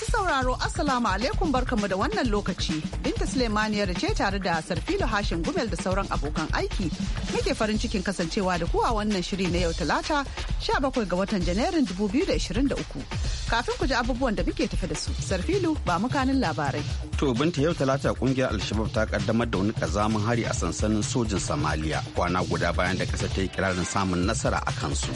Masu sauraro Assalamu alaikum barkamu da wannan lokaci. Binta da ce tare da Sarfilo Hashin Gumel da sauran abokan aiki. Muke farin cikin kasancewa da kuwa wannan shiri na yau Talata 17 ga watan Janairun 2023. Kafin ku ji abubuwan da muke tafi da su, Sarfilo ba mukanin labarai. To Binta yau Talata kungiyar Alshabab ta kaddamar da wani kazamin hari a sansanin sojin Somalia kwana guda bayan da kasa ta yi kirarin samun nasara a kansu.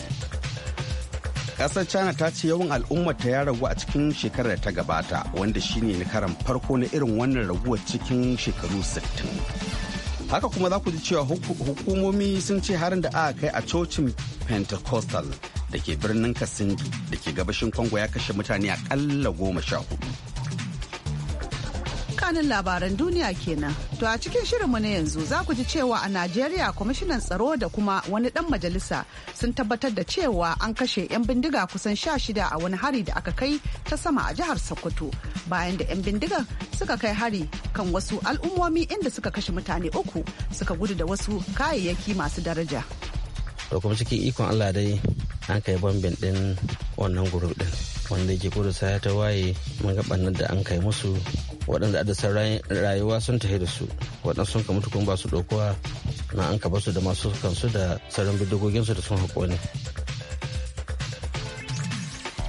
kasar china ta ce yawan al'ummar ta ya ragu a cikin shekarar da ta gabata wanda shine na karan farko na irin wannan raguwar cikin shekaru 60 haka kuma za ku ji cewa hukumomi sun ce harin da aka kai a cocin pentecostal da ke birnin kasingi da ke gabashin kwango ya kashe mutane akalla goma sha hudu kanin labaran duniya kenan. To a cikin shirinmu na yanzu za ku ji cewa a Najeriya kwamishinan tsaro da kuma wani dan majalisa sun tabbatar da cewa an kashe 'yan bindiga kusan sha shida a wani hari da aka kai ta sama a jihar Sokoto bayan da 'yan bindigan suka kai hari kan wasu al'ummomi inda suka kashe mutane uku suka gudu da wasu kayayyaki masu daraja. To kuma cikin ikon Allah dai an kai bambin din wannan gurub wanda ke kudu ya ta waye mun ga da an kai musu waɗanda adasan rayuwa sun tafi da su waɗanda sun kamutu kuma ba su ɗaukowa na an kaba su da masu kansu da sauran bidigoginsu da sun haƙo ne.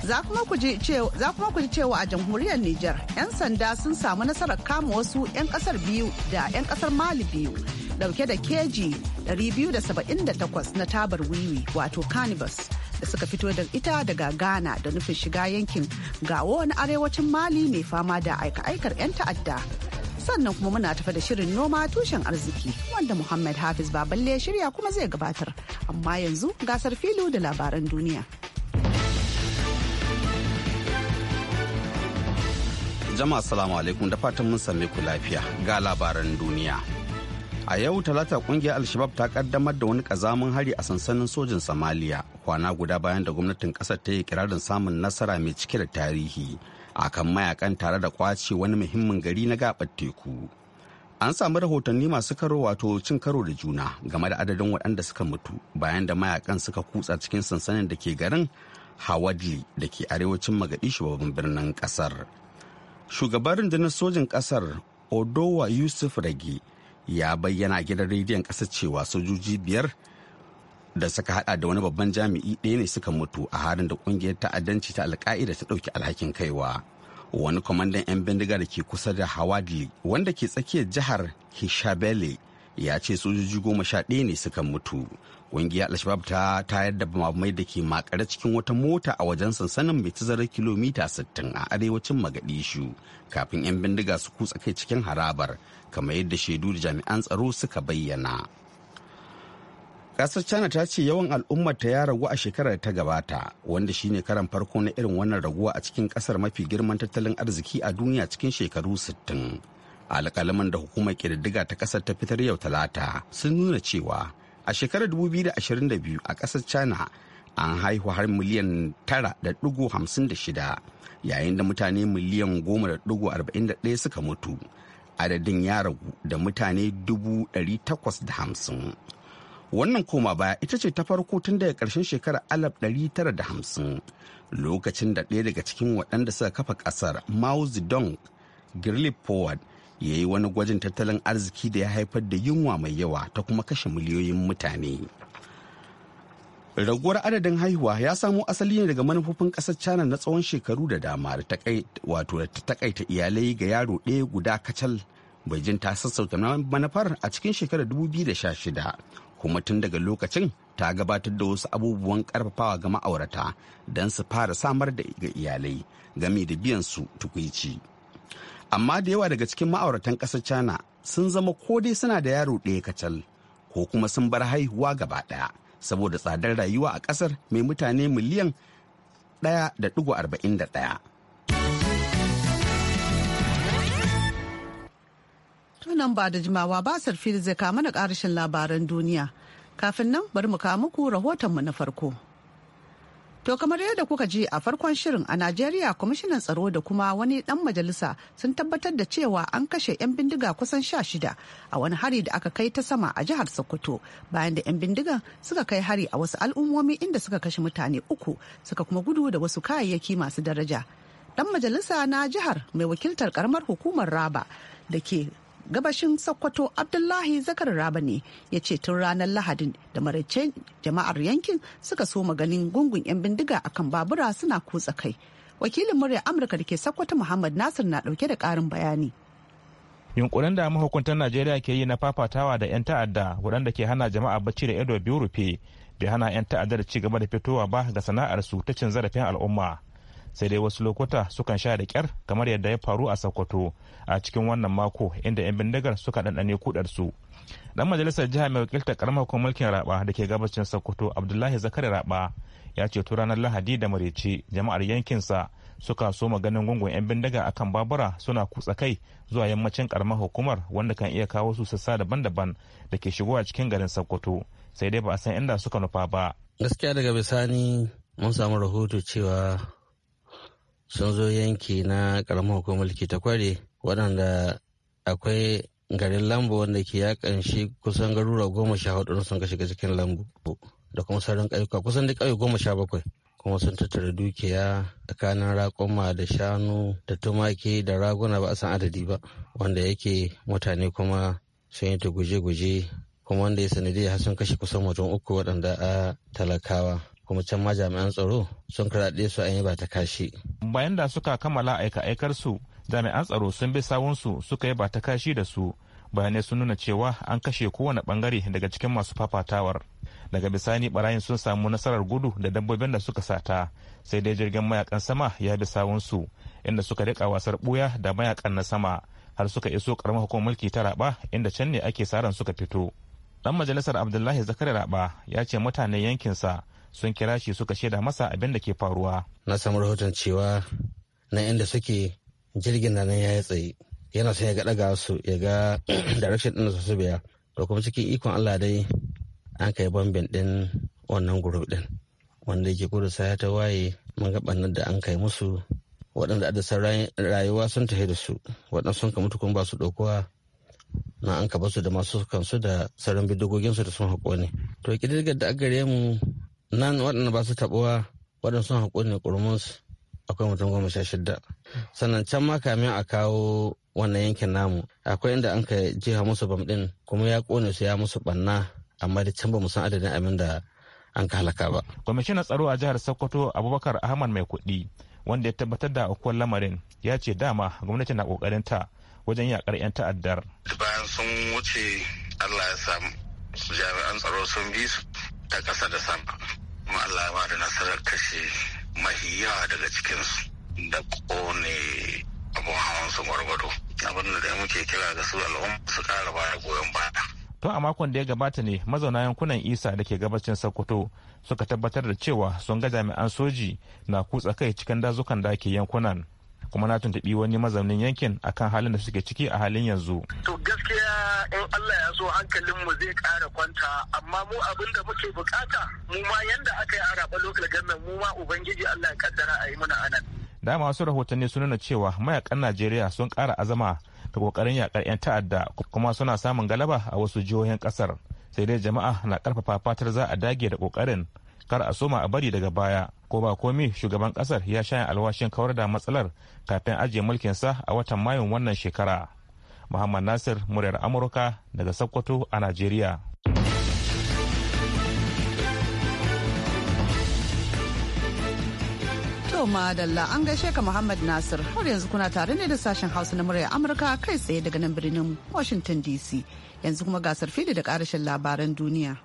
Za kuma ku ji cewa a jamhuriyar Nijar, 'yan sanda sun samu nasarar kama wasu 'yan kasar biyu da 'yan kasar Mali biyu dauke da keji 278 na tabar wiwi wato cannabis. da suka fito da ita daga ghana da nufin shiga yankin gawo na arewacin mali mai fama da aika-aikar 'yan ta'adda sannan kuma muna tafa da shirin noma tushen arziki wanda muhammad hafiz baballe ya shirya kuma zai gabatar amma yanzu gasar filu da labaran duniya jama'a salamu alaikum da fatan mun same ku lafiya ga labaran duniya a yau talata kungiyar alshabab ta kaddamar da wani kazamin hari a sansanin sojin samaliya kwana guda bayan da gwamnatin kasar ta yi kirarin samun nasara mai cike da tarihi akan mayakan tare da kwace wani muhimmin gari na gabar teku an samu rahotanni masu karo wato cin karo da juna game da adadin waɗanda suka mutu bayan da mayakan suka kutsa cikin sansanin da ke garin hawadli da ke arewacin magadishu babban birnin kasar shugaban rundunar sojin kasar odowa yusuf rage ya bayyana gidan rediyon ƙasa cewa sojoji biyar da suka hada da wani babban jami'i ɗaya ne suka mutu a harin da kungiyar ta'addanci ta alka'ida ta ɗauki alhakin kaiwa wani kwamandan 'yan bindiga da ke kusa da hawadli wanda ke tsakiyar jihar hishabele ya ce sojoji goma sha ɗaya ne suka mutu ƙungiyar alshabab ta tayar da mamai da ke makare cikin wata mota a wajen sansanin mai tazarar kilomita 60 a arewacin magadishu kafin 'yan bindiga su kutsa kai cikin harabar kamar yadda shaidu da jami'an tsaro suka bayyana kasar china ta ce yawan al'ummar ta ya ragu a shekarar ta gabata wanda shine karan farko na irin wannan raguwa a cikin kasar mafi girman tattalin arziki a duniya cikin shekaru 60 alƙalaman da hukumar ƙididdiga ta kasar ta fitar yau talata sun nuna cewa a shekarar 2022 a ƙasar china an haihu har miliyan 9.56 yayin da mutane miliyan 10.41 suka mutu adadin ya ragu da mutane 850 wannan koma baya ita ce ta farko tun daga ƙarshen shekarar 1950 lokacin da ɗaya daga cikin waɗanda suka kafa ƙasar mao zedong Gilliard Forward ya yi wani gwajin tattalin arziki da ya haifar da yunwa mai yawa ta kuma kashe miliyoyin mutane raguwar adadin haihuwa ya samo asali ne daga manufofin ƙasar china na tsawon shekaru da dama da ta takaita iyalai ga yaro ɗaya guda kacal beijing ta sassauta manufar a cikin shekarar 2016 kuma tun daga lokacin ta gabatar da wasu abubuwan karfafawa ga ma'aurata don su fara samar da iyalai game da biyan su tukwici. amma da yawa daga cikin ma'auratan ƙasar china sun zama ko dai suna da yaro ɗaya kacal ko kuma sun bar haihuwa gaba ɗaya saboda tsadar rayuwa a ƙasar mai mutane miliyan 1.41 tunan ba da jimawa ba sarfili zai kama da ƙarshen labaran duniya kafin nan bari mu kawo muku mu na farko To kamar yadda kuka ji a farkon shirin a Najeriya kwamishinan tsaro da kuma wani dan majalisa sun tabbatar da cewa an kashe 'yan bindiga kusan sha shida a wani hari da aka kai ta sama a jihar Sokoto bayan da 'yan bindigan suka kai hari a wasu al'ummomi inda suka kashe mutane uku suka kuma gudu da wasu kayayyaki masu daraja. Dan majalisa na jihar mai wakiltar karamar hukumar Raba da ke gabashin sokoto abdullahi zakar raba ne ya ce tun ranar lahadin da maraice jama'ar yankin suka so maganin gungun 'yan bindiga akan babura suna kutsa kai wakilin murya amurka da ke sokoto muhammad nasir na dauke da karin bayani yunkurin da mahukuntan najeriya ke yi na fafatawa da 'yan ta'adda waɗanda ke hana jama'a bacci da ido biyu rufe bai hana 'yan ta'adda da ci gaba da fitowa ba ga sana'arsu ta cin zarafin al'umma sai dai wasu lokuta sukan sha da kyar kamar yadda ya faru a sokoto a cikin wannan mako inda 'yan bindigar suka ɗanɗane kudarsu dan majalisar jiha mai wakilta karamar hukumar mulkin raba da ke gabashin sokoto abdullahi zakari raba ya ce tu ranar lahadi da marici jama'ar yankinsa suka so maganin gungun 'yan bindiga akan babura suna kutsa kai zuwa yammacin karamar hukumar wanda kan iya kawo su sassa daban-daban da ke shigowa cikin garin sokoto sai dai ba a san inda suka nufa ba gaskiya daga bisani mun samu rahoto cewa sun zo yanki na karamar hukumar mulki ta kware waɗanda akwai garin lambu wanda ke ya kanshi kusan garura goma sha hudu sun shiga cikin lambu da kuma sauran ƙauyuka kusan duk ƙauye goma sha bakwai kuma sun tattara dukiya tsakanin raƙuma da shanu da tumaki da raguna ba a san adadi ba wanda yake mutane kuma sun yi ta guje-guje kuma wanda ya sanadiyar sun kashe kusan mutum uku waɗanda a talakawa kuma can ma jami'an tsaro sun karaɗe su an yi ba ta kashi. Bayan da suka kammala aika aikarsu jami'an tsaro sun bi sawunsu suka yi ba ta kashi da su bayanai sun nuna cewa an kashe kowane bangare daga cikin masu fafatawar. Daga bisani barayin sun samu nasarar gudu da dabbobin da suka sata sai dai jirgin mayakan sama ya bi sawunsu inda suka riƙa wasar ɓuya da mayakan na sama har suka iso karamar hukumar mulki ta raba inda can ne ake saran suka fito. Dan majalisar Abdullahi Zakari Raba ya ce mutanen yankinsa sun kira shi suka shaida masa abin da ke faruwa. Na samu rahoton cewa na inda suke jirgin na nan ya yi tsaye yana sai ya ga daga su ya ga direction din su su biya to kuma cikin ikon Allah dai an kai bambin ɗin wannan group ɗin wanda yake kudu sai ta waye mun ga da an kai musu waɗanda san rayuwa sun tafi da su waɗanda sun kamu tukun ba su ɗaukowa na an ka basu da masu kansu da sauran bidogogin su da sun haƙo ne to ƙididdigar da a gare mu nan waɗanda ba su taɓuwa waɗanda sun haƙo ne ƙurmus akwai mutum goma sha shida sannan can ma kamin a kawo wannan yankin namu akwai inda an ka jiha musu bam ɗin kuma ya ƙone su ya musu ɓanna amma da can ba mu san adadin abin da an ka halaka ba. kwamishinan tsaro a jihar sokoto abubakar ahmad mai kuɗi wanda ya tabbatar da aukuwar lamarin ya ce dama gwamnati na ƙoƙarin ta wajen yakar 'yan ta'addar. bayan sun wuce allah ya samu jami'an tsaro sun bi su ta ƙasa da sama kuma Allah ya da nasarar kashe yawa daga cikinsu da kone abun hawan su gwargwado abin da muke kira ga su al'umma su kara baya goyon baya tun a makon da ya gabata ne mazauna yankunan isa da ke gabacin sokoto suka tabbatar da cewa sun ga jami'an soji na kutsa kai cikin dazukan da ke yankunan kuma na tuntubi wani mazaunin yankin akan halin da suke ciki a halin yanzu to gaskiya in Allah ya so hankalinmu zai ƙara kwanta amma mu abin da muke bukata mu ma yanda aka yi a raba local mu ma ubangiji Allah ya kaddara a yi mana anan. Da masu rahotanni sun nuna cewa mayakan Najeriya sun ƙara azama da kokarin yakar 'yan ta'adda kuma suna samun galaba a wasu jihohin ƙasar sai dai jama'a na karfafa fatar za a dage da kokarin kar a soma a bari daga baya ko ba komi shugaban ƙasar ya sha alwashin kawar da matsalar kafin ajiye mulkin sa a watan mayun wannan shekara Muhammad Nasir muryar Amurka daga Sokoto a Najeriya. madalla an gaishe ka Muhammad Nasir har yanzu kuna tare ne da sashen Hausa na muryar Amurka kai tsaye daga nan birnin Washington DC yanzu kuma gasar fili da karashin labaran duniya.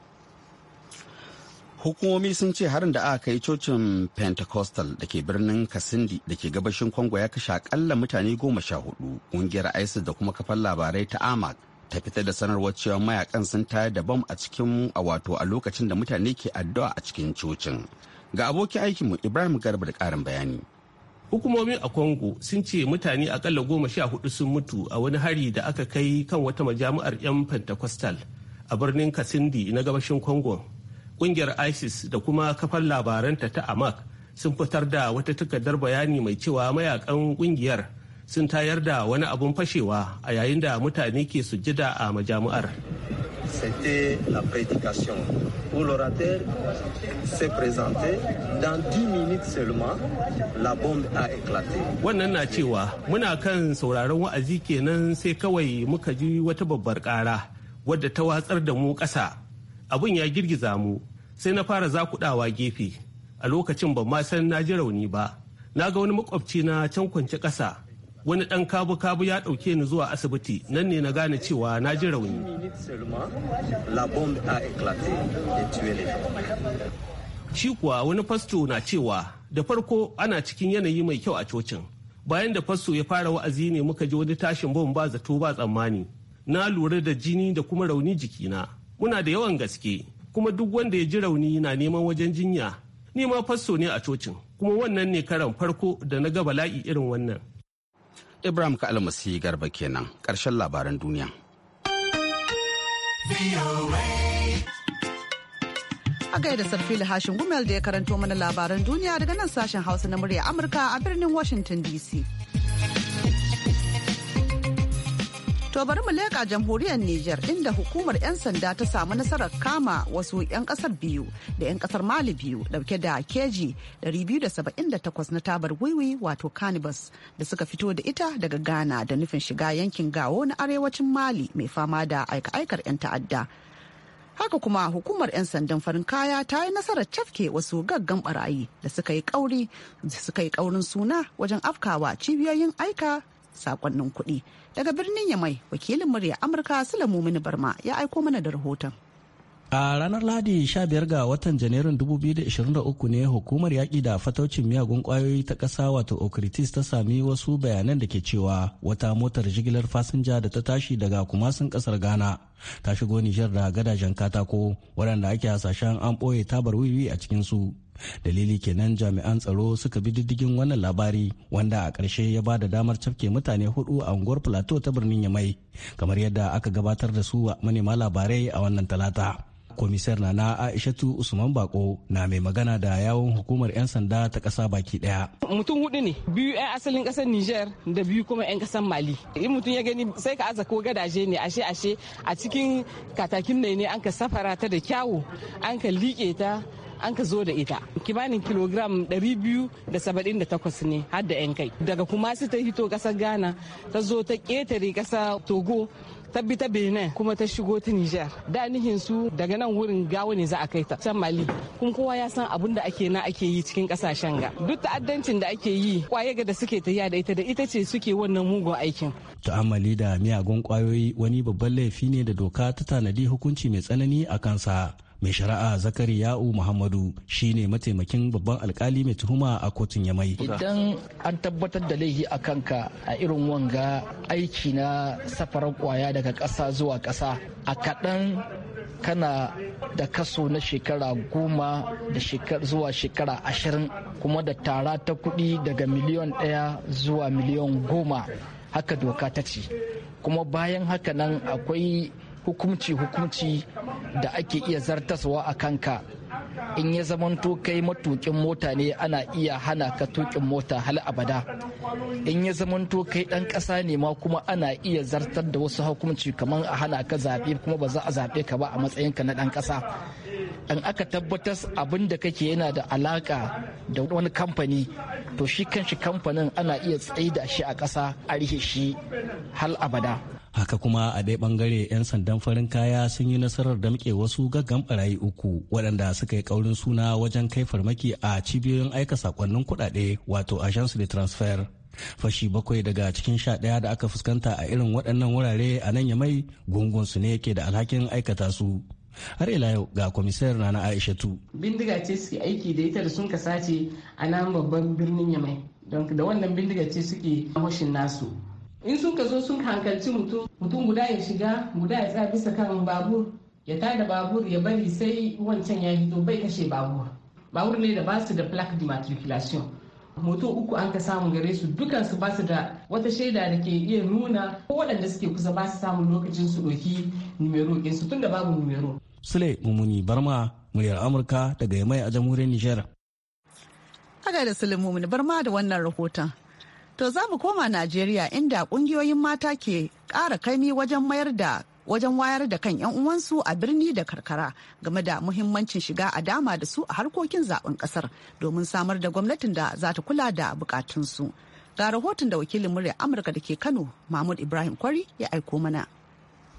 hukumomi sun ce harin da aka kai cocin pentecostal da ke birnin kasindi da ke gabashin congo ya kashe akalla mutane goma sha hudu ƙungiyar isis da kuma kafar labarai ta amac ta fitar da sanarwar cewa mayakan sun tayar da bam a cikin a wato a lokacin da mutane ke addu'a a cikin cocin ga abokin aikinmu ibrahim garba da karin bayani hukumomi a congo sun ce mutane akalla goma sha hudu sun mutu a wani hari da aka kai kan wata majami'ar 'yan pentecostal a birnin kasindi na gabashin congo kungiyar isis da kuma kafar labaranta ta amak sun fitar da wata takardar bayani mai cewa mayakan kungiyar sun tayar da wani abun fashewa a yayin da mutane ke sujjida a majami'ar où l'orateur s'est dans 10 minutes seulement la bombe a éclaté wannan na cewa muna kan sauraron wa'azi kenan sai kawai muka ji wata babbar kara wadda ta watsar da mu kasa abun ya girgiza mu sai na fara zakudawa gefe a lokacin ban ma san na ji rauni ba na ga wani makwabci na can kwance ƙasa wani ɗan kabu-kabu ya ɗauke ni zuwa asibiti nan ne na gane cewa na ji rauni shi kuwa wani fasto na cewa da farko ana cikin yanayi mai kyau a cocin bayan da fasto ya fara wa'azi ne muka ji wani tashin bom ba zato ba tsammani na lura da jini da kuma rauni jikina muna da yawan gaske kuma duk wanda ya ji rauni na neman wajen jinya ni ma fasto ne a cocin kuma wannan ne karan farko da na ga bala'i irin wannan ibrahim ka almasi garba kenan karshen labaran duniya a da sarfili hashin gumel da ya karanto mana labaran duniya daga nan sashen hausa na murya amurka a birnin washington dc To bari mu leƙa jamhuriyar Nijar inda hukumar 'yan sanda ta samu nasarar kama wasu 'yan ƙasar biyu da 'yan ƙasar Mali biyu dauke da keji 278 na tabar wiwi wato cannabis da suka fito da ita daga Ghana da nufin shiga yankin gawo na arewacin Mali mai fama da aika-aikar 'yan ta'adda. Haka kuma hukumar 'yan sandan farin kaya ta yi nasarar cafke wasu gaggan barayi da suka yi kaurin suna wajen afkawa cibiyoyin aika sakonnin kuɗi daga birnin yamai wakilin murya amurka sulamu mini barma ya aiko mana da rahoton a ranar ladi 15 ga watan janairun 2023 ne hukumar yaƙi da fataucin miyagun ƙwayoyi ta ƙasa wato okritis ta sami wasu bayanan da ke cewa wata motar jigilar fasinja da ta tashi daga kumasin ƙasar ghana ta shigo nijar da gadajen katako waɗanda ake hasashen an ɓoye tabar wiwi a cikinsu dalili kenan jami'an tsaro suka bi diddigin wannan labari wanda a ƙarshe ya ba da damar cafke mutane hudu a unguwar plateau ta birnin yamai kamar yadda aka gabatar da su manema labarai a wannan talata komisar na na aishatu usman bako na mai magana da yawon hukumar 'yan sanda ta kasa baki ɗaya. mutum hudu ne biyu 'yan asalin ƙasar niger da biyu kuma 'yan kasar mali in mutum ya gani sai ka aza ko gadaje ne ashe ashe a cikin katakin ne ne an ka safara ta da kyawu an ka liƙe ta an ka zo da ita kimanin kilogram 278 ne har da 'yan kai daga kuma su ta hito kasar ghana ta zo ta ƙetare ƙasa togo ta bi ta benin kuma ta shigo ta niger da nihin su daga nan wurin gawo ne za a kai ta can mali kuma kowa ya san abun da ake na ake yi cikin kasashen ga duk ta'addancin da ake yi kwaye ga da suke ta da ita da ita ce suke wannan mugun aikin ta'amali da miyagun kwayoyi wani babban laifi ne da doka ta tanadi hukunci mai tsanani a kansa mai shari'a zakari ya'u muhammadu shine mataimakin babban alkali mai tuhuma a kotun yamai idan an tabbatar da laifi a kanka a irin wanga aiki na safarar kwaya daga ƙasa zuwa ƙasa a kaɗan kana da kaso na shekara goma da shekara zuwa shekara ashirin kuma da tara ta kuɗi daga miliyon ɗaya zuwa miliyon goma haka doka ta ce kuma bayan haka nan akwai hukumci hukumci da ake iya zartaswa a kanka in ya zamanto kai matukin mota ne ana iya hana ka tukin mota hal abada in ya zamanto kai dan kasa ne ma kuma ana iya zartar da wasu hukumci kamar a hana ka zaɓe kuma ba za a zaɓe ka ba a matsayin ka na dan kasa in aka tabbatar abin da kake yana da alaka da wani kamfani to shi kanshi kamfanin ana iya tsaida shi a ƙasa a rihe shi hal abada haka kuma a ɗaya bangare 'yan sandan farin kaya sun yi nasarar damƙe wasu gaggan barayi uku waɗanda suka yi ƙaurin suna wajen kai farmaki a cibiyoyin aika sakonnin kuɗaɗe wato agence de transfer fashi bakwai daga cikin sha ɗaya da aka fuskanta a irin waɗannan wurare a nan ya mai gungun su ne ke da alhakin aikata su har ila yau ga na aisha aishatu bindiga ce suke aiki da ita da sun kasace a nan babban birnin ya don da wannan bindiga ce suke hoshin nasu in sun zo sun hankalci mutum mutum guda ya shiga guda ya tsaya bisa kan babur ya tada babur ya bari sai wancan ya hito bai kashe babur babur ne da basu da plaque de matriculation mutum uku an ka samu gare su dukan su basu da wata shaida da ke iya nuna ko waɗanda suke kusa basu samun lokacin su ɗauki numero ɗin su tunda babu numero. Sule Mumuni Barma muryar Amurka daga Yamai a jamhuriyar Nijar. Aga da Sule Mumuni Barma da wannan rahoton. To za mu koma Najeriya inda kungiyoyin mata ke ƙara kaimi wajen mayar da wajen wayar da kan 'yan uwansu a birni da karkara game da muhimmancin shiga a dama da su a harkokin zaben kasar domin samar da gwamnatin da za ta kula da bukatunsu. Ga rahoton da wakilin murya Amurka da ke Kano, Mahmud Ibrahim Kwari ya aiko mana.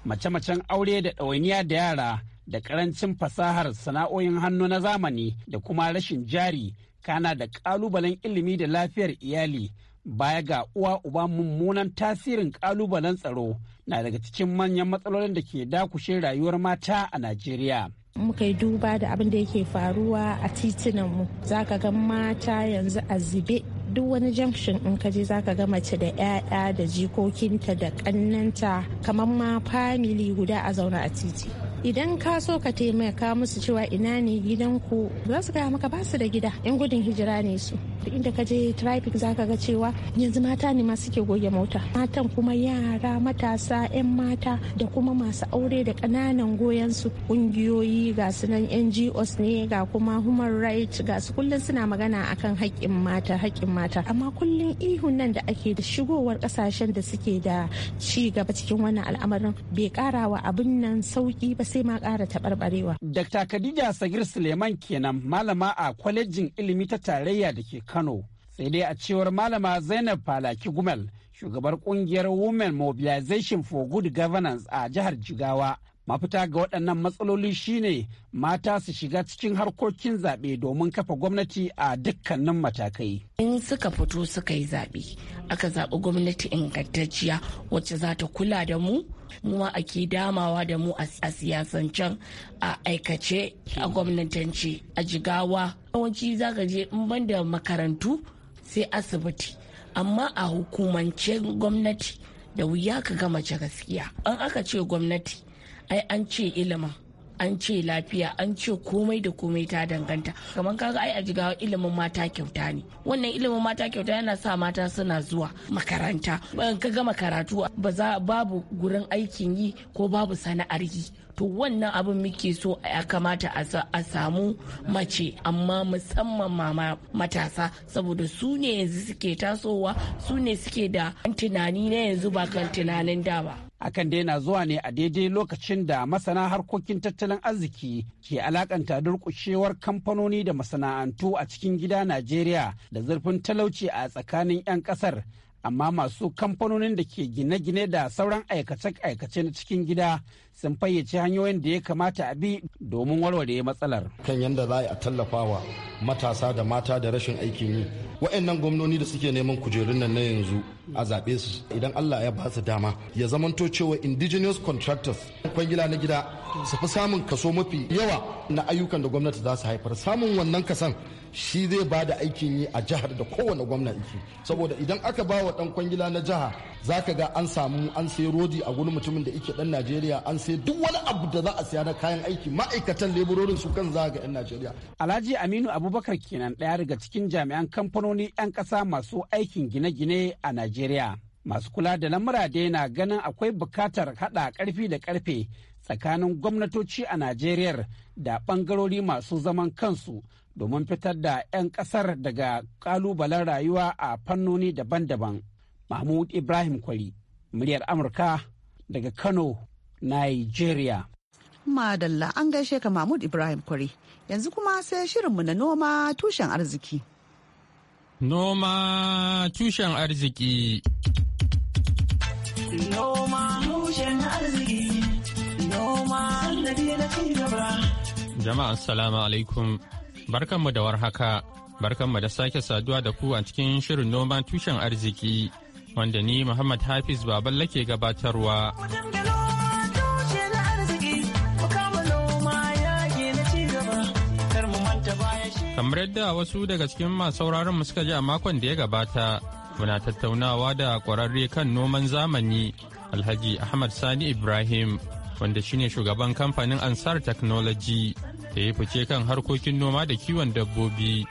Mace-macen aure da ɗawainiya da yara da karancin fasahar sana'o'in hannu na zamani da kuma rashin jari kana da ƙalubalen ilimi da lafiyar iyali baya ga uwa uba mummunan tasirin kalubalen tsaro na daga cikin manyan matsalolin da ke dakushe rayuwar mata a najeriya muka yi duba da abin da yake faruwa a titinanmu za ka ga mata yanzu a zube duk wani junction in ka je zaka ga mace da 'ya'ya da jikokinta da kannanta kamar ma family guda a zauna a titi idan ka so ka taimaka musu cewa ina ne gidanku za su gaya maka basu da gida yan gudun hijira ne su inda ka je traffic za ka ga cewa yanzu mata ne ma suke goge mota matan kuma yara matasa yan mata da kuma masu aure da ƙananan goyon su ƙungiyoyi ga su nan ngos ne ga kuma human rights ga su kullum suna magana akan haƙƙin mata haƙƙin mata mata amma kullum ihun nan da ake da shigowar kasashen da suke da ci gaba cikin wannan al'amarin bai karawa abin nan sauki ba sai ma kara taɓarɓarewa. Dr. Khadija Sagir Suleiman kenan malama a kwalejin ilimi ta tarayya da ke Kano. Sai dai a cewar malama Zainab Falaki Gumel shugabar kungiyar Women Mobilization for Good Governance a jihar Jigawa. mafita ga waɗannan matsaloli shine mata su shiga cikin harkokin zaɓe domin kafa gwamnati a dukkanin matakai. In suka fito suka yi zaɓe, aka zaɓi gwamnati ingantacciya wacce za ta kula da mu, muma ake damawa da mu a siyasancen a aikace a gwamnatance a jigawa. Yawanci za ka je in ban da makarantu sai asibiti, amma a hukumance gwamnati da wuya ka ga gaskiya. An aka ce gwamnati ai an ce ilimin an ce lafiya an ce komai da komai ta danganta kamar kaga ai a jigawa ilimin mata kyauta ne wannan ilimin mata kyauta yana sa mata suna zuwa makaranta bayan ka gama karatu ba za babu gurin aikin yi ko babu sana'ar yi to wannan abin muke so ya kamata a samu mace amma musamman mama matasa saboda su ne yanzu suke tasowa su ne suke da tunani na yanzu ba kan tunanin da ba akan daina zuwa ne a daidai lokacin da masana harkokin tattalin arziki ke alakanta durƙushewar kamfanoni da masana'antu a cikin gida najeriya da zurfin talauci a tsakanin 'yan ƙasar amma masu kamfanonin da ke gine-gine da sauran aikace-aikace na cikin gida sun fayyace hanyoyin da ya kamata a bi domin warware matsalar. Kan yadda za a tallafawa matasa da mata da rashin aikin yi. Wa'annan gwamnoni da suke neman kujerun nan na yanzu a zaɓe su idan Allah ya ba su dama ya zamanto cewa indigenous contractors kwangila na gida su fi samun kaso mafi yawa na ayyukan da gwamnati za su haifar samun wannan kasan shi zai ba da aikin yi a jihar da kowane gwamna yake saboda idan aka ba wa dan kwangila na jiha za ka ga an samu an sai rodi a gurin mutumin da yake dan najeriya an sai duk wani abu da za a siya na kayan aiki ma'aikatan leburorin su kan za ga yan najeriya alhaji aminu abubakar kenan daya daga cikin jami'an kamfanoni yan kasa masu aikin gine-gine a najeriya masu kula da lamura dai na ganin akwai bukatar hada karfi da karfe tsakanin gwamnatoci a Najeriya da ɓangarori masu zaman kansu domin fitar da 'yan ƙasar daga ƙalubalen rayuwa a fannoni daban-daban. Mahmud Ibrahim Kwari, muryar Amurka daga Kano, Nigeria. Madalla an gaishe ka Mahmud Ibrahim Kwari, yanzu kuma sai shirinmu na noma tushen arziki. Noma tushen arziki. Noma tushen arziki. Jama'a assalamu alaikum barkanmu da warhaka barkanmu da sake saduwa da ku a cikin shirin noma tushen arziki wanda ni Muhammad Hafiz Baballe ke gabatarwa. Kamar yadda wasu daga cikin masu sauraron mu suka ji a makon da ya gabata muna tattaunawa da kwararre kan noman zamani Alhaji Ahmad Sani Ibrahim wanda shine shugaban kamfanin ansar technology da ya fice kan harkokin noma da kiwon dabbobi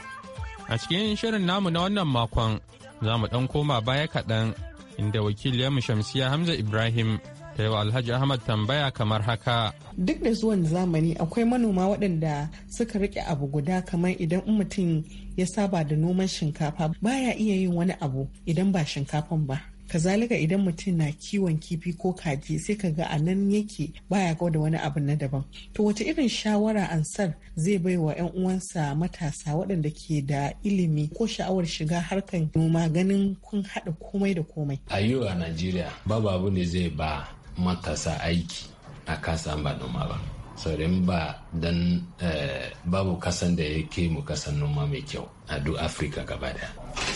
a cikin shirin namu na wannan makon za mu ɗan koma baya kaɗan inda wakiliyarmu shamsiya hamza ibrahim ta yi alhaji ahmad tambaya kamar haka duk da zuwan zamani akwai manoma waɗanda suka rike abu guda kamar idan mutum ya saba da noman shinkafa baya iya yin wani abu idan ba shinkafan ba kazalika idan mutum na kiwon kifi ko kaji sai ka ga a nan yake baya ga da wani abu na daban to wata irin shawara ansar zai bai wa 'yan uwansa matasa waɗanda ke da ilimi ko sha'awar shiga harkan noma ganin kun haɗa komai da komai a yau a najeriya babu abu ne zai ba matasa aiki a kasa ba noma ba tsarin ba don eh, babu kasan da yake mu kasan noma mai kyau a duk afirka gaba da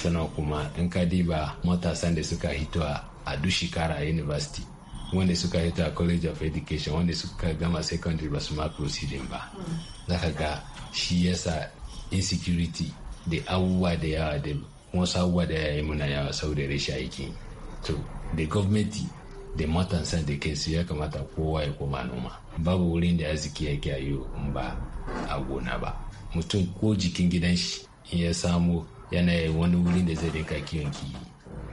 sana kuma in ka diba matasan da suka hito a duk shekara a university wanda suka hito a college of education wanda suka gama secondary ba su ma proceeding ba za ka ga shi yasa insecurity da abubuwa da yawa da wasu abubuwa da yawa muna yawa sau da rashin aiki to the government da matansa da ke su ya kamata kowa ya koma noma babu wurin da arziki yake a yi ba a gona ba mutum ko jikin gidan shi in ya samu yana yi wani wurin da zai dinka kiwon kiyi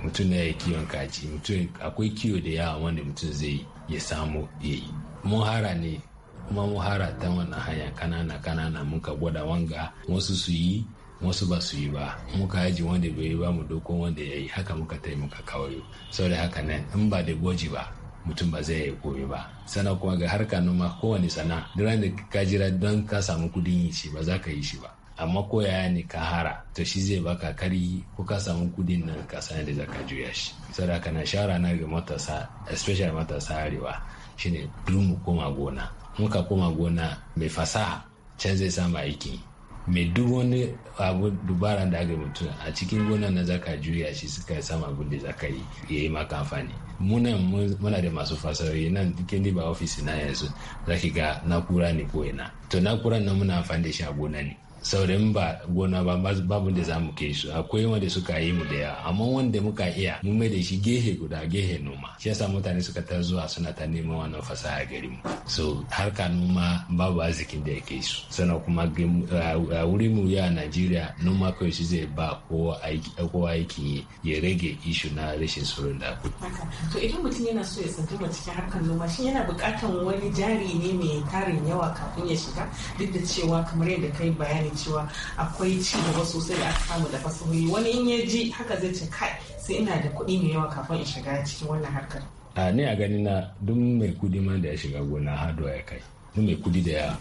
mutum na yi kiwon kaji mutum akwai kiwo da yawa wanda mutum zai ya samu ya yi muhara ne kuma muhara ta wannan hanya kanana kanana muka gwada wanga wasu su yi wasu ba su yi ba muka haji wanda bai yi ba mu dokon wanda ya yi haka muka taimaka kawai saboda haka nan in ba da gwaji ba mutum ba zai yi komai ba sana kuma ga harka noma kowane sana duran da ka jira don ka samu kudin yi shi ba za ka yi shi ba amma ko yaya ne ka hara to shi zai baka kari ko ka samu kudin nan ka sanar da zaka juya shi saboda haka na shawara na ga matasa especially matasa arewa shine duk mu koma gona muka koma gona mai fasaha can zai samu aiki mai duk wani abu dubara da aka mutu a cikin gona na zaka juya shi suka sama abin da zaka yi ya yi maka amfani munan muna da masu fasarori nan dukkan ba ofis na yanzu zaki ga nakura ne ko ina to nakuran nan muna amfani da shi a gona ne saurayin ba gona ba babu da za mu kai su akwai wanda suka yi mu da yawa amma wanda muka iya mun mai da shi gehe guda gehe noma shi yasa mutane suka ta zuwa suna ta neman wannan fasaha gari mu so harka noma babu arzikin da yake su sannan kuma wuri mu ya Najeriya noma kawai shi zai ba kowa aiki ya rage ishu na rashin tsoron da ku. to idan mutum yana so ya mu cikin harkar noma shi yana buƙatar wani jari ne mai tarin yawa kafin ya shiga duk da cewa kamar yadda kai bayani cewa akwai ci gaba sosai da aka samu da fasahohi wani in ya ji haka zai ce kai sai ina da kuɗi mai yawa kafin in shiga cikin wannan harkar. a ni a gani na duk mai kudi ma da ya shiga gona haduwa ya kai duk mai kudi da ya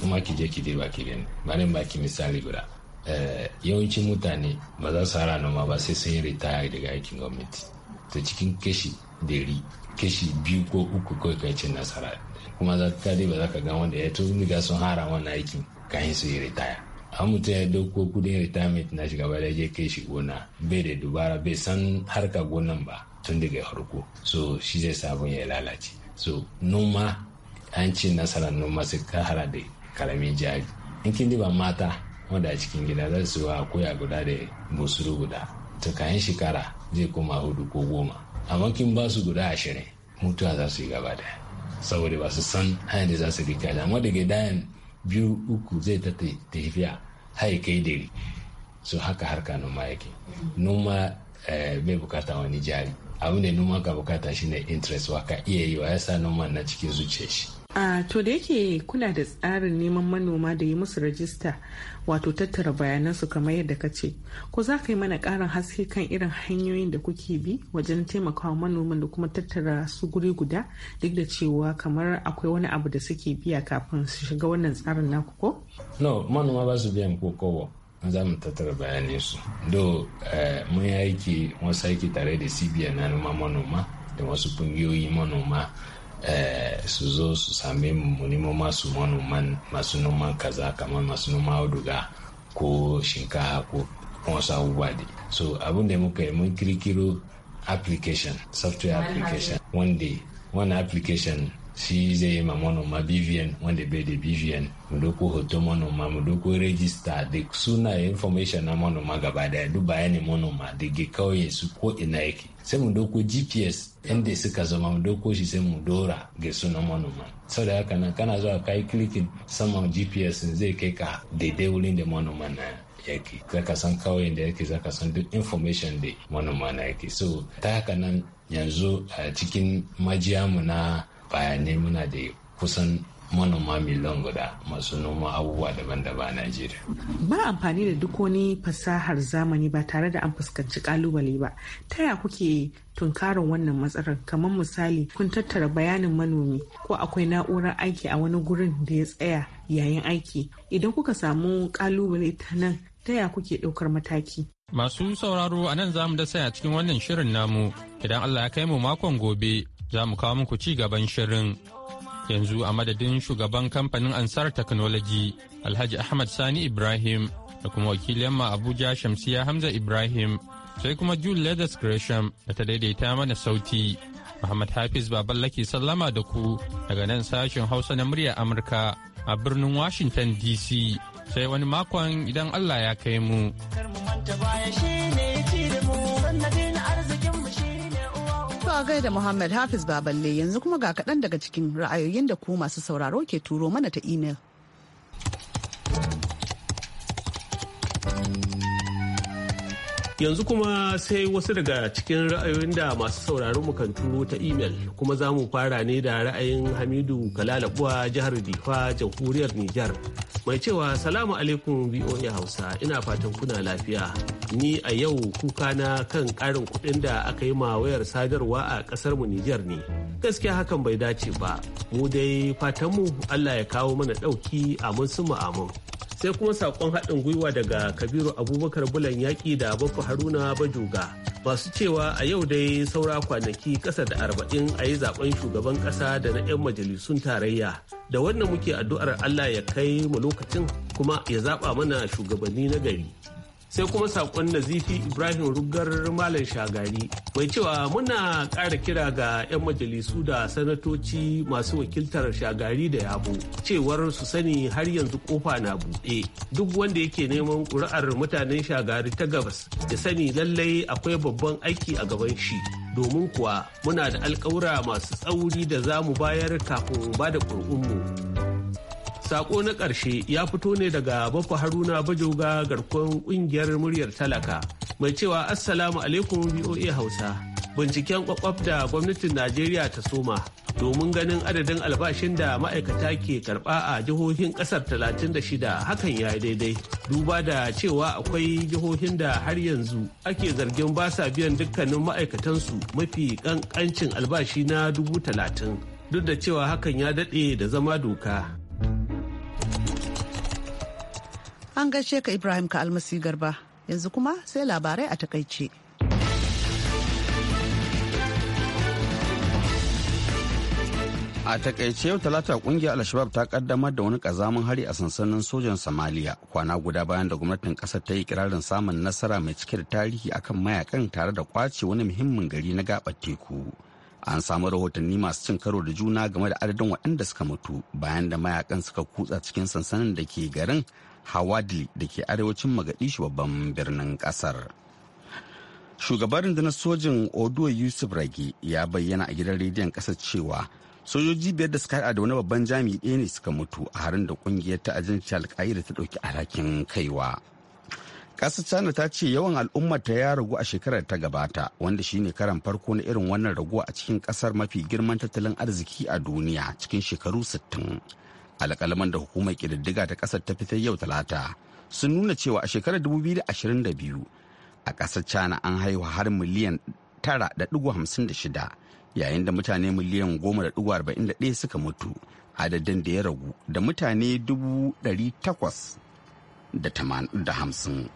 kuma ki je ki je baki ne ba ne ki misali guda eh, yawancin mutane ba za su hara noma ba sai sun yi ritaya daga aikin gwamnati to cikin kashi dari kashi biyu ko uku ko kai cin nasara kuma za ta dai ba za ka ga wanda ya tun ga sun hara wannan aikin kayan su yi ritaya an mutum ya dauko kudin retirement na shi gaba da je kai shi gona bai da dubara bai san harka gonan ba tun daga harko so shi zai sabon ya lalace so noma an ci nasarar noma su kahara da karamin jari in kin diba mata wanda a cikin gida za su wa koya guda da busuru guda to kayan shekara zai koma hudu ko goma amma kin ba su guda ashirin mutuwa za su yi gaba da saboda ba su san hanyar da za su rika amma daga dayan biyu uku zai ta tafiya haye kai dari so haka harka noma yake noma eh, bai bukata wani jari abin ne noma ka bukata shine interest wa ka iya yi wa yasa noma na cikin zuciya shi a to da yake kuna da tsarin neman manoma da yi musu rajista wato tattara bayanansu kamar yadda ka ce ko za ka yi mana karin haske kan irin hanyoyin da kuke bi wajen taimakawa manoman da kuma tattara su guri guda duk da cewa kamar akwai wani abu da suke biya kafin su shiga wannan tsarin naku ko no manoma ba su biyan ko kowa za mu tattara bayanin su do eh, mun yi aiki wasu aiki tare da cbn na manoma da wasu kungiyoyi manoma Eh, su zo su same mu nemo masu manoman masu noman kaza kamar masu noma auduga ko shinkafa ko wasu abubuwa dai so abin da muka yi mun kirkiro application software application wanda wani application shi zai yi ma manoma bvn wanda bai da bvn mu doko hoto manoma mu doko rejista da suna information na manoma gaba daya duk bayanin manoma daga kauye su ko ina yake sai mu doko gps inda suka zama mu doko shi sai mu dora ga sunan manoma sau da haka nan kana zuwa kai klikin saman gps zai kai ka daidai wurin da manoma na yake zaka san kauyen da yake zaka san duk information da manoma na yake so ta haka nan yanzu a ah, cikin majiyamu na bayanai muna da kusan manoma miliyan guda masu noma abubuwa daban-daban a Najeriya. Ba amfani da duk wani fasahar zamani ba tare da an fuskanci kalubale ba. Ta ya kuke tunkarin wannan matsalar kamar misali kun tattara bayanin manomi ko akwai na'urar aiki a wani gurin da ya tsaya yayin aiki idan kuka samu kalubale ta nan ta ya kuke daukar mataki. Masu sauraro a nan zamu mu da saya cikin wannan shirin namu idan Allah ya kai mu makon gobe za mu kawo muku ci gaban shirin. Yanzu a madadin shugaban kamfanin Ansar Technology Alhaji Ahmad Sani Ibrahim da kuma wakilin ma Abuja Shamsiya Hamza Ibrahim sai kuma jude Leathers Gresham da ta daidaita mana sauti. Muhammad Hafiz laki sallama da ku daga nan sashen Hausa na muryar Amurka a birnin Washington DC sai wani makon idan Allah ya kai mu. mu manta baya shine a gaida Muhammad Hafiz Baballe yanzu kuma ga kaɗan daga cikin ra'ayoyin da ku masu sauraro ke turo mana ta imel. Yanzu kuma sai wasu daga cikin ra'ayoyin da masu sauraron mu kan turo ta imel kuma za mu fara ne da ra'ayin Hamidu Kalalabuwa jihar Difa jamhuriyar Niger. Mai cewa salamu alaikum VOA Hausa ina fatan kuna lafiya. Ni a yau kuka na kan karin kuɗin da aka yi ma wayar sadarwa a ƙasar mu Nijar ne. Gaskiya hakan bai dace ba. Mu dai fatanmu Allah ya kawo mana ɗauki amin su amin. sai kuma sakon haɗin gwiwa daga kabiru abubakar bulan yaƙi da boko haruna bajoga masu cewa a yau dai saura kwanaki ƙasa da arba'in a yi zaben shugaban ƙasa da na 'yan majalisun tarayya da wannan muke addu'ar allah ya kai mu lokacin kuma ya zaɓa mana shugabanni na gari sai kuma sakon nazifi ibrahim rugar malam shagari mai cewa muna ƙara kira ga 'yan majalisu da sanatoci masu wakiltar shagari da yabo cewar su sani har yanzu kofa na buɗe duk wanda yake neman ƙuri'ar mutanen shagari ta gabas ya sani lallai akwai babban aiki a gaban shi domin kuwa muna da alkawura masu tsauri da za mu bayar kafin ba da Sako na ƙarshe ya fito ne daga Boko Haruna Bajoga garkon ƙungiyar muryar talaka mai cewa Assalamu alaikum VOA Hausa. Binciken kwakwaf da gwamnatin Najeriya ta soma domin ganin adadin albashin da ma'aikata ke karba a jihohin kasar 36 hakan ya yi daidai. Duba da cewa akwai jihohin da har yanzu ake zargin ba sa biyan dukkanin ma'aikatansu mafi kankancin albashi na dubu talatin duk da cewa hakan ya daɗe da zama doka. An gaishe ka Ibrahim ka almasi garba yanzu kuma sai labarai a takaice. a takaice yau talata kungiyar alshabab ta kaddamar da wani kazamin hari a sansanin sojan somalia kwana guda bayan da gwamnatin kasar ta yi kirarin samun nasara mai cike da tarihi akan mayakan tare da kwace wani muhimmin gari na gabar teku an samu rahotanni masu cin karo da juna game da adadin waɗanda suka mutu bayan da mayakan suka kutsa cikin sansanin da ke garin hawadli da ke arewacin magadishu babban birnin kasar shugaban rundunar sojin oduwa yusuf rage ya bayyana a gidan rediyon kasar cewa sojoji biyar da suka da wani babban jami'i ɗaya ne suka mutu a harin da kungiyar ajinci alka'ida ta ɗauki alhakin kaiwa ƙasar china ta ce yawan al'ummar ta ya ragu a shekarar ta gabata wanda shine karan farko na irin wannan raguwa a cikin kasar mafi girman tattalin arziki a duniya cikin shekaru sittin. alƙalaman da hukumar ƙididdiga ta ƙasar ta fitar yau talata sun nuna cewa a shekarar 2022 a ƙasar china an haihu har miliyan 9.56 yayin da mutane miliyan 10.41 suka mutu adadin da ya ragu da mutane 850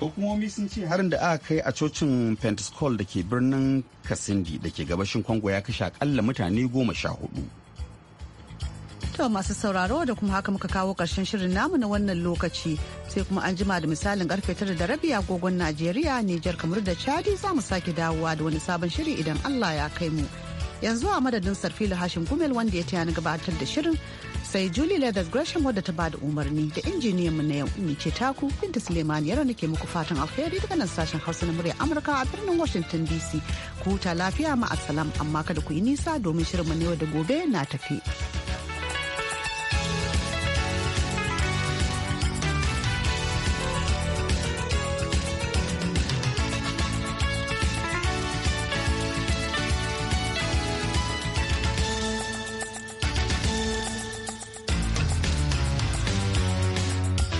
hukumomi sun ce harin da aka kai a cocin pentecostal da ke birnin kasindi da ke gabashin kwango ya kashe akalla mutane goma sha hudu To masu sauraro da kuma haka muka kawo ƙarshen shirin namu na wannan lokaci sai kuma an jima da misalin karfe tara da rabi agogon Najeriya, Nijar, kamar da Chadi za mu sake dawowa da wani sabon shiri idan Allah ya kai mu. Yanzu a madadin Sarfilu Hashim Gumel wanda ya taya gabatar da shirin sai Julie Leathers Gresham wadda ta bada umarni da injiniyan mu na yau ni ce taku Binta Suleiman yaro nake muku fatan alheri daga nan sashen Hausa na murya Amurka a birnin Washington DC. Ku huta lafiya ma amma kada ku yi nisa domin shirin mu na yau da gobe na tafi.